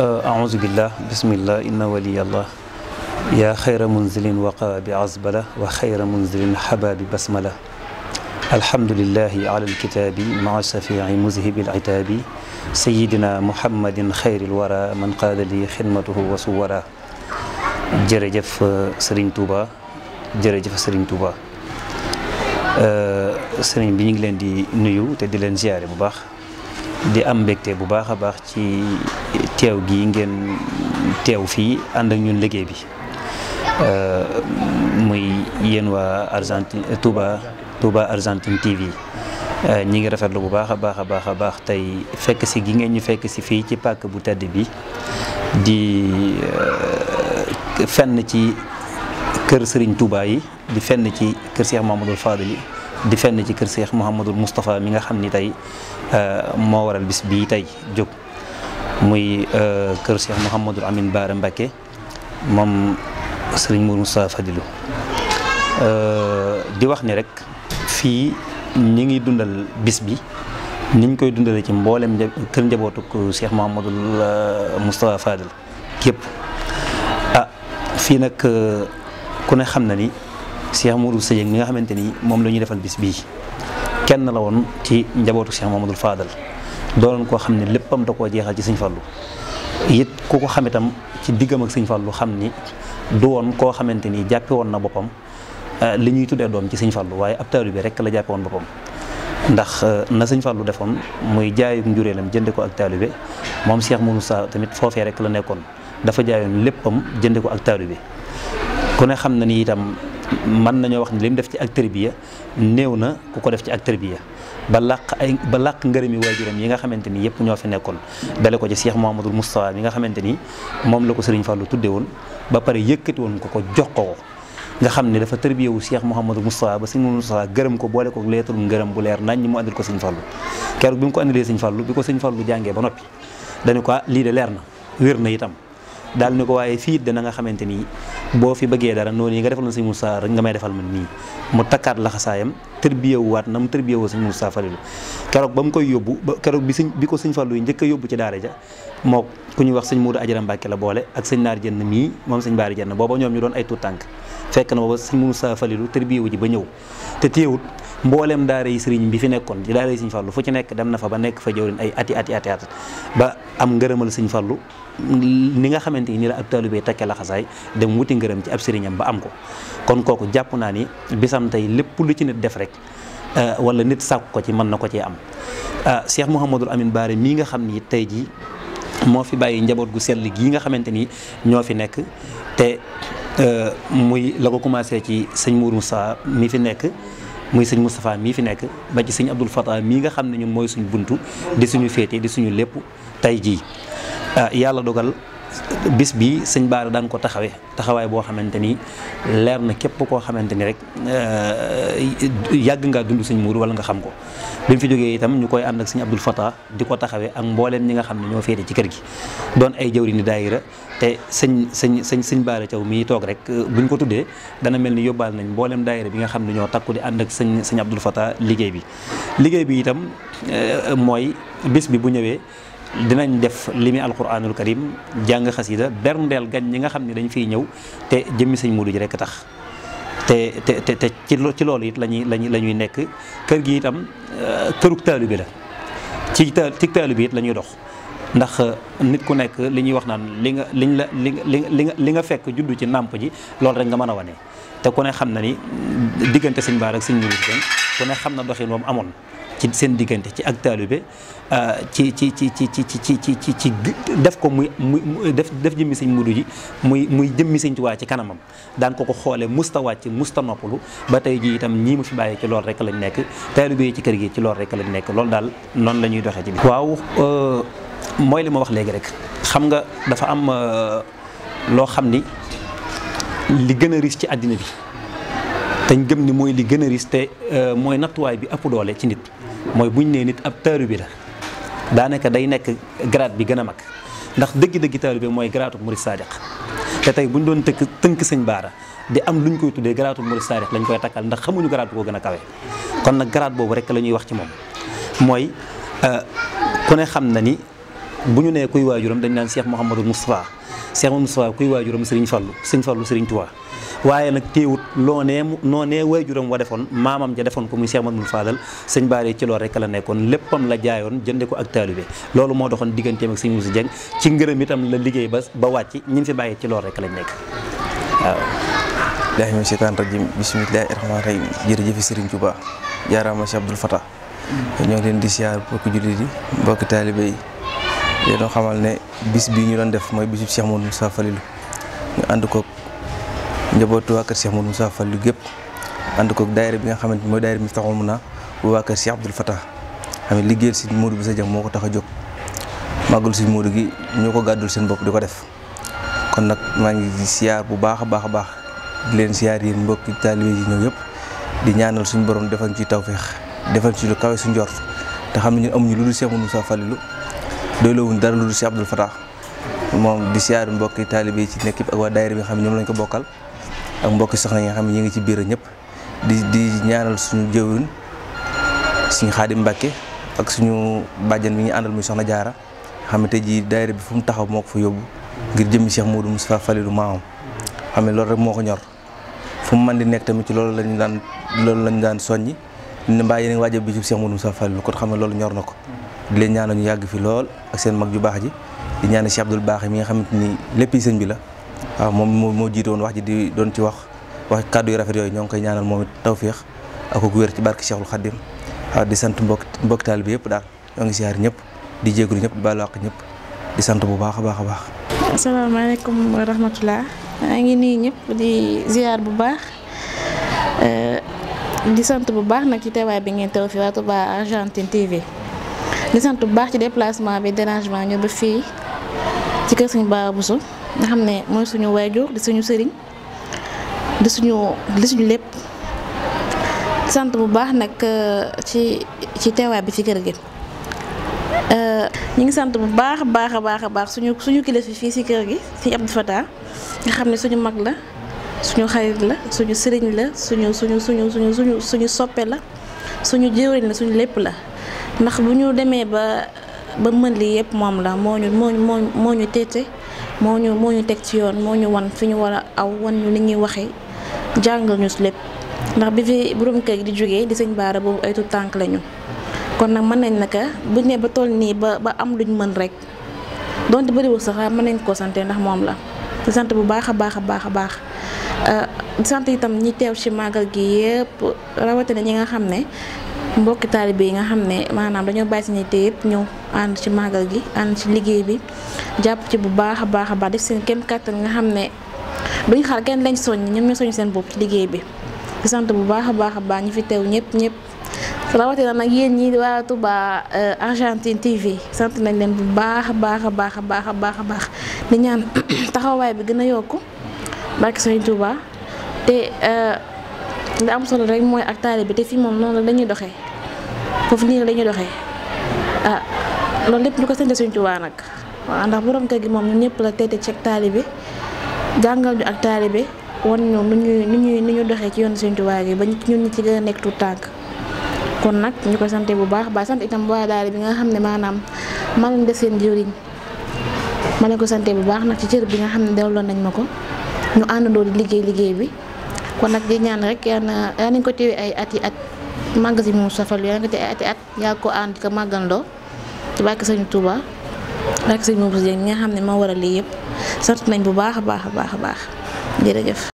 أعوذ بالله بسم الله إن ولي الله يا خير منزل وقى بعزبلة وخير منزل حبى ببسملة الحمد لله على الكتاب مع الشفيع مذهب العتاب سيدنا محمد خير الورى من قاد لي خدمته وصورا jërëjëf Serigne Touba jërëjëf Serigne Touba Serigne bi ñu ngi leen di nuyu te di leen ziare bu baax di am mbégte bu baax a baax ci teew gi ngeen teew fii ànd ak ñun liggéey bi euh, muy yéen waa Argentine Touba Touba Argentine TV euh, ñi ngi rafetlu bu baax a baax a baax a baax tey fekk si gi ngeen ñu fekk si fii ci pàkk bu tedd bi di euh, fenn ci kër sëriñ Touba yi di fenn ci kër ma Mamadou Fadil yi di fenn ci kër Seex Mouhamadul Moustapha mi nga xam ni tey euh, moo waral bis bii tey jóg muy euh, kër Seex Mouhamadul Amin Baara Mbacke moom sëriñ Mour Moustapha Fadilu euh, di wax ni rek fii ñu ngi dundal bis bi niñ koy dundalee ci mboolem kër njabootuk Cheikh Mouhamadul Moustapha Fadil yëpp ah fii nag ku ne xam na ni Cheikh Modou Seye mi nga xamante ni moom la ñuy defal bis bii kenn la woon ci njabootu Cheikh Mamadou Fadal doonoon koo xam ne léppam da koo jeexal ci Sëñ Fallu it ku ko xam itam ci diggam ak Sëñ Fallu xam ni du woon koo xamante ni jàppe woon na boppam eh, li ñuy tuddee doom ci Sëñ Fallu waaye ab taalibe bi rek la jàppe woon boppam ndax eh, na Sëñ Fallu defoon muy jaayum njureelam jënde ko ak taalibe moom Cheikh Modou saa tamit foofee rek la nekkoon dafa jaayoon léppam jënde ko ak taalibe ku mën nañoo wax ni li def ci ak tarbiya néew na ku ko def ci ak tarbiya ba làq ay ba làq ngërëmi waajuram yi nga xamante ni yëpp ñoo fi nekkoon dale ko ci Cheikh Mouhamadul Moustapha mi nga xamante ni moom la ko Serigne Fallou tudde woon ba pare yëkkati woon ko ko jox ko nga xam ne dafa tarbiya wu Cheikh Mouhamadul Moustapha ba Serigne Moustapha gërëm ko boole ko leetul ngërëm bu leer nañ ñi mu andil ko Serigne Fallou keroog bi mu ko andilee Serigne Fallou bi ko Serigne Fallou jàngee ba noppi dañu ko ah, lii de leer na wér na itam daal ni ko waaye fii dana nga xamante ni boo fi bëggee dara noonu yi nga defal na sëñ Moussa rek nga may defal man nii mu takkaat laxasaayam tërbiyewuwaat na mu tërbiyewoo sëñ Moussa Falilou keroog ba mu koy yóbbu ba keroog bi sëñ bi ko sëñ Fallou yi njëkk yóbbu ci daara ja moo ku ñuy wax sëñ Moudou Ajara Mbacke la boole ak sëñ Naar Jenn mii moom sañ Baari Jenn booba ñoom ñu doon ay tuut tànk fekk na booba sëñ Moussa Falilou tërbiyewu ji ba ñëw te téewut mbooleem daara yi sëriñ bi fi nekkoon di daara yi sëñ Fallu fu ci nekk dem na fa ba nekk fa jawrin ay ati ati ati ati ba am ngërëmal sëñ Fallu ni nga xamante ni la ab taalibee takke la xasaay dem wuti ngërëm ci ab sëriñam ba am ko kon kooku jàpp naa ni bisam tey lépp lu ci nit def rek eh, wala nit sàkk ko ci mën na ko cee am eh, Cheikh Mouhamadul Amin Baare mii nga xam ni tey jii moo fi bàyyi njaboot gu sell gii nga xamante ni ñoo fi nekk te Euh, muy la ko commencé ci sëñ Mourou Moustapha mi fi nekk muy sëñ Moustapha mii fi nekk ba ci sëñ Abdoul Fatah mii nga xam ne ñun mooy suñ buntu di suñu féete di suñu lépp tey jii euh, yàlla dogal bis bi sëñ Baara daan ko taxawee taxawaay boo xamante ni leer na képp koo xamante ni rek euh, yàgg ngaa dund sëñ Mourou wala nga xam ko bi mu fi jógee itam ñu koy ànd ak sëñ Abdul Fatah di ko taxawee ak mbooleem nga xam ne ñoo féete ci kër gi doon ay jëwriñu daayira te sëñ sëñ sëñ sëñ Baara Thiaw mii toog rek euh, buñ ko tuddee dana mel ni yóbbaal nañ mbooleem daayira bi nga xam ne takku di ànd ak sëñ sëñ liggéey bi liggéey bi itam euh, mooy bis bi bu ñëwee dinañ def limi alquranul karim jàng xasida berndeel gan ñi nga xam ne dañ fiy ñëw te jëmmi sëñ Moodu ji rekk tax te te te ci ci loolu it lañuy lañuy la ñuy nekk kër gi itam euh, këruk taalu bi la ci ci taalu bi it la ñuy dox ndax euh, nit ku nekk li ñuy wax naan li nga liñ la li li li nga fekk juddu ci nàmp ji loolu rek nga mën a wane te ku ne xam na ni diggante sëñ Bara ak sëñ ne xam na doxin moom amoon ci seen diggante ci ak taalibe euh, ci ci ci ci ci ci ci ci ci def ko muy muy def def jëmmi sëñ Mouride ji muy muy jëmmi sëñ Tuubaa ci kanamam daan ko ko xoolee musta wàcc musta noppalu ba tey ji itam ñii mu fi bàyyi ci loolu rek lañ nekk taalibe yi ci kër gi ci loolu rek lañ nekk loolu daal noon la ñuy doxee ci biir. waaw. Euh, mooy li ma wax léegi rek xam nga dafa am euh, loo xam ni li gën a riis ci àddina bi dañ gëm ni mooy li gën a riis te euh, mooy nattuwaay bi ëpp doole ci nit mooy buñ nee nit ab taaru bi la daanaka day nekk grade bi gën a mag ndax dëgg-dëgg taaru bi mooy garaatu murid saadiq te tey buñ doon tëkk tënk sëñ baara di am lu luñ koy tuddee garaatu murid saadiq lañ koy takkal ndax xamuñu garaat bu ko gën a kawe kon nag garaat boobu rek la ñuy wax ci moom mooy euh, ku xam na ni bu ñu nee kuy waajuram dañ naan Cheikh Mouhamadou Moustapha Cheikh Mouhamadou Moustapha kuy waajuram Serigne Fallou Serigne Fallou Serigne Touba waaye nag téewut loo nee noo nee waajuram wa defoon maamam ja defoon ko muy Cheikh Mouhamadou Fadal sëñ Baare ci lool rek la nekkoon léppam la jaayoon jënde ko ak taalibe loolu moo doxoon digganteem ak Serigne Moussa Dieng ci ngërëm itam la liggéey ba ba wàcc ñi fi bàyyi ci lool rek lañ nekk waaw bilahi min seytaan rajim bismillahi rahmaan rahim jërëjëf Serigne Touba jaaraama Cheikh Abdoul Fatah mm. ñoo ngi leen di siyaar bokki jullit yi bokki taalibe yi leen xamal ne bis bii ñu doon def mooy bisu Cheikh Modou Moussa Falilou ñu ànd koog njabootu waa kër Cheikh Modou Moussa Falilou gépp ànd koog daayira bi nga xamante mooy daayira Miftahoul Mouna bu waa kër Cheikh Abdoul Fatah xam ne liggéeyal si Modou bi sa jëm moo ko tax a jóg màggalu si Modou gi ñoo ko gàddul seen bopp di ko def kon nag maa ngi siyaar bu baax a baax a baax di leen siyaar yéen mbokki taalibe yi ñëw yëpp di ñaanal suñ borom defal ci tawféex defal ci lu kawe su njort te xam ne ñun amuñu lu dul Cheikh Modou Moussa Falilou doyloowuñ dara lu dul si Abdoul Fatah moom di siyaaru mbokki taalibe yi ci nekk ak waa daayira bi nga xam ne ñoom lañ ko bokkal ak mbokki soxna yi nga xam ne ñu ngi ci biir ñëpp di di ñaanal suñu jëwriñ suñu xaadim Mbàkke ak suñu bàjjan bi ñu àndal muy soxna jaara xam ne tey jii daayira bi fu mu taxaw moo ko fa yóbbu ngir jëmmi Cheikh Modou Moustapha Falilou maamam xam ne loolu rek moo ko ñor fu mu mën di nekk tamit ci loolu lañu daan loolu lañu daan soññi ne mbaa yéen a bi waajal bi ci Cheikh sa Moustapha Falilou kon xam ne loolu ñor na ko di leen ñaanal ñu yàgg fi lool ak seen mag ju baax ji di ñaanal Cheikh Abdoul Baax mi nga xamante ni lépp sëñ bi la waaw moom moo jiite woon wax ji di doon ci wax wax kàddu yu rafet yooyu ñoo ngi koy ñaanal moom it tawféex ak ko ci barke Cheikhul Khadim waaw di sant mbokk mbokk bi yëpp daal ñoo ngi siyaar ñëpp di jégalu ñëpp di baalu ñëpp di sant bu baax a baax a baax. asalaamaaleykum wa rahmatulah maa ngi nii ñëpp di ziar bu baax. Euh, di sant bu baax nag ci teewaay bi ngeen teew fi waa Touba Argentine TV. di sant bu baax ci déplacement bi dérangement ñoo ba fii ci kër suñu Baba Bousso nga xam ne mooy suñu waajur di suñu sëriñ di suñu di lépp sant bu baax nag euh, ci ci teewaay bi ci kër gi euh, ñu ngi sant bu baax a baax a baax a baax suñu suñu kilifa fii si kër gi si Abdou Fatah nga xam ne suñu mag la suñu xarit la suñu sëriñ la suñu suñu suñu suñu suñu suñu soppe la suñu jëwriñ la suñu lépp la ndax bu ñu demee ba ba mën li yëpp moom la moo ñu moo moo ñu téete moo ñu moo ñu teg ci yoon moo ñu wan fi ñu war a aw wan ñu li ñuy waxee jàngal ñu si lépp ndax bi fi borom kër gi di jógee di sëñ baara boobu ay tuut tànk lañu kon nag mën nañ naka bu ñu nee ba toll nii ba ba am luñ mën rek donte bëriwul sax ah, mën nañ koo sante ndax moom la di sant bu baax a baax a baax a baax ah, di sant itam ñi teew ci màggal gi yëpp rawatina ñi nga xam ne mbokki taalibe yi nga xam ne maanaam dañoo bàyyi seen yitte yëpp ñëw ànd ci màggal gi ànd ci liggéey bi jàpp ci bu baax a baax a baax def seen kem kàttan nga xam ne duñ xaar kenn lañ soññ ñoom ñoo soññ seen bopp ci liggéey bi di sant bu baax a baax a baax ñu fi teew ñëpp ñëpp rawatina nag yéen ñi waa Touba euh, Argentine TV sant nañ leen bu baax a baax a baax a baax a baax a baax di ñaan taxawaay bi gën a yokku barke Sëriñ Touba te euh, li am solo rek mooy ak taalibe bi te fii moom noonu la dañuy doxee foofu nii lañuy doxe ah, loolu lépp lu ko sënte suñ Tuubaa nag waaw ndax borom kër gi moom ñun ñëpp la teete ci ak taalibe jàngal ñu ak taalibe wan ñu nu ñuy nu ñuy nu ñu doxee ci yoon suñ Tuubaa gi ba ñun ñi ci gën a nekk tu tànk kon nag ñu ko sante bu baax ba sant itam waa daal bi nga xam ne maanaam maa def seen jëriñ ma leen ko sante bu baax nag ci cër bi nga xam ne delloo nañ ma ko ñu àndandoo di liggéey liggéey bi kon nag di ñaan rek yaa na nañ ko téye ay at yi at màggal si moom safal yaa ngi ay ati at yaa ko ànd ko màggandoo ci barke sëñ Touba barke sëñ Moussa Dieng ñi nga xam ne moo a lii yëpp sant nañ bu baax a baax a baax a baax jërëjëf.